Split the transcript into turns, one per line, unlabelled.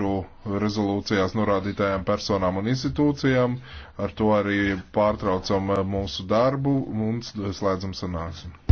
iepriekšu rezolūcijās norādītajām personām un institūcijām. Ar to arī pārtraucam eh, mūsu darbu un slēdzam sanāksmi.